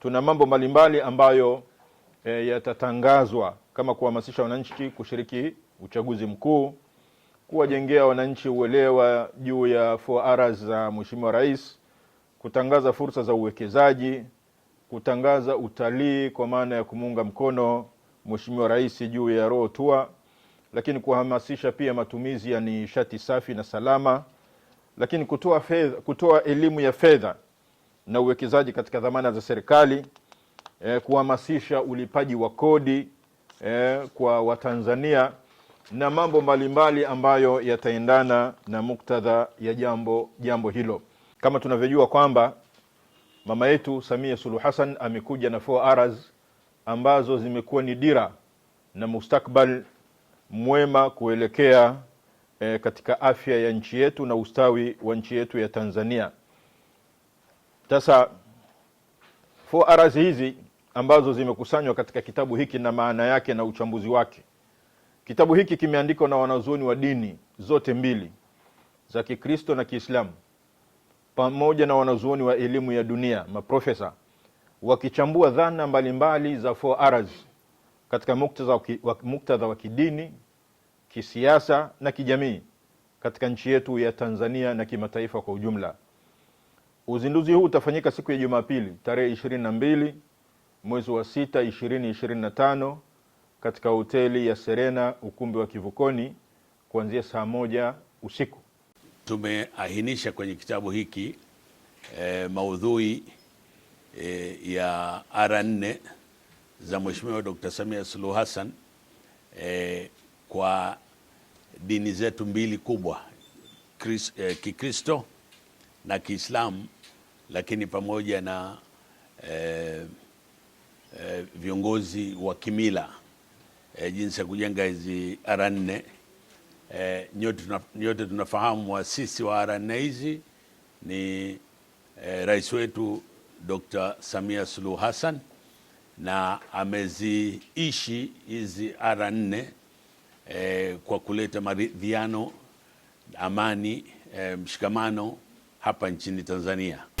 tuna mambo mbalimbali ambayo e, yatatangazwa kama kuhamasisha wananchi kushiriki uchaguzi mkuu, kuwajengea wananchi uelewa juu ya 4R za Mheshimiwa Rais, kutangaza fursa za uwekezaji, kutangaza utalii kwa maana ya kumuunga mkono Mheshimiwa Rais juu ya Royal Tour, lakini kuhamasisha pia matumizi ya nishati safi na salama, lakini kutoa fedha, kutoa elimu ya fedha na uwekezaji katika dhamana za serikali eh, kuhamasisha ulipaji wa kodi eh, kwa Watanzania na mambo mbalimbali ambayo yataendana na muktadha ya jambo jambo hilo. Kama tunavyojua kwamba mama yetu Samia sulu Hassan amekuja na four Rs ambazo zimekuwa ni dira na mustakbal mwema kuelekea eh, katika afya ya nchi yetu na ustawi wa nchi yetu ya Tanzania. Sasa foarazi hizi ambazo zimekusanywa katika kitabu hiki na maana yake na uchambuzi wake. Kitabu hiki kimeandikwa na wanazuoni wa dini zote mbili za Kikristo na Kiislamu pamoja na wanazuoni wa elimu ya dunia maprofesa, wakichambua dhana mbalimbali mbali za foarazi katika muktadha wa kidini, kisiasa na kijamii katika nchi yetu ya Tanzania na kimataifa kwa ujumla. Uzinduzi huu utafanyika siku ya Jumapili tarehe 22 mwezi wa 6 2025 katika hoteli ya Serena ukumbi wa Kivukoni kuanzia saa moja usiku. tumeahinisha kwenye kitabu hiki e, maudhui e, ya ara nne za Mheshimiwa Dr. Samia Suluhu Hassan e, kwa dini zetu mbili kubwa Kris, e, Kikristo na Kiislamu, lakini pamoja na e, e, viongozi wa kimila e, jinsi ya kujenga hizi r nne e, nyote, tuna, nyote tunafahamu waasisi wa R4 hizi ni e, rais wetu Dr. Samia Suluhu Hassan na ameziishi hizi ara nne e, kwa kuleta maridhiano, amani, e, mshikamano hapa nchini Tanzania.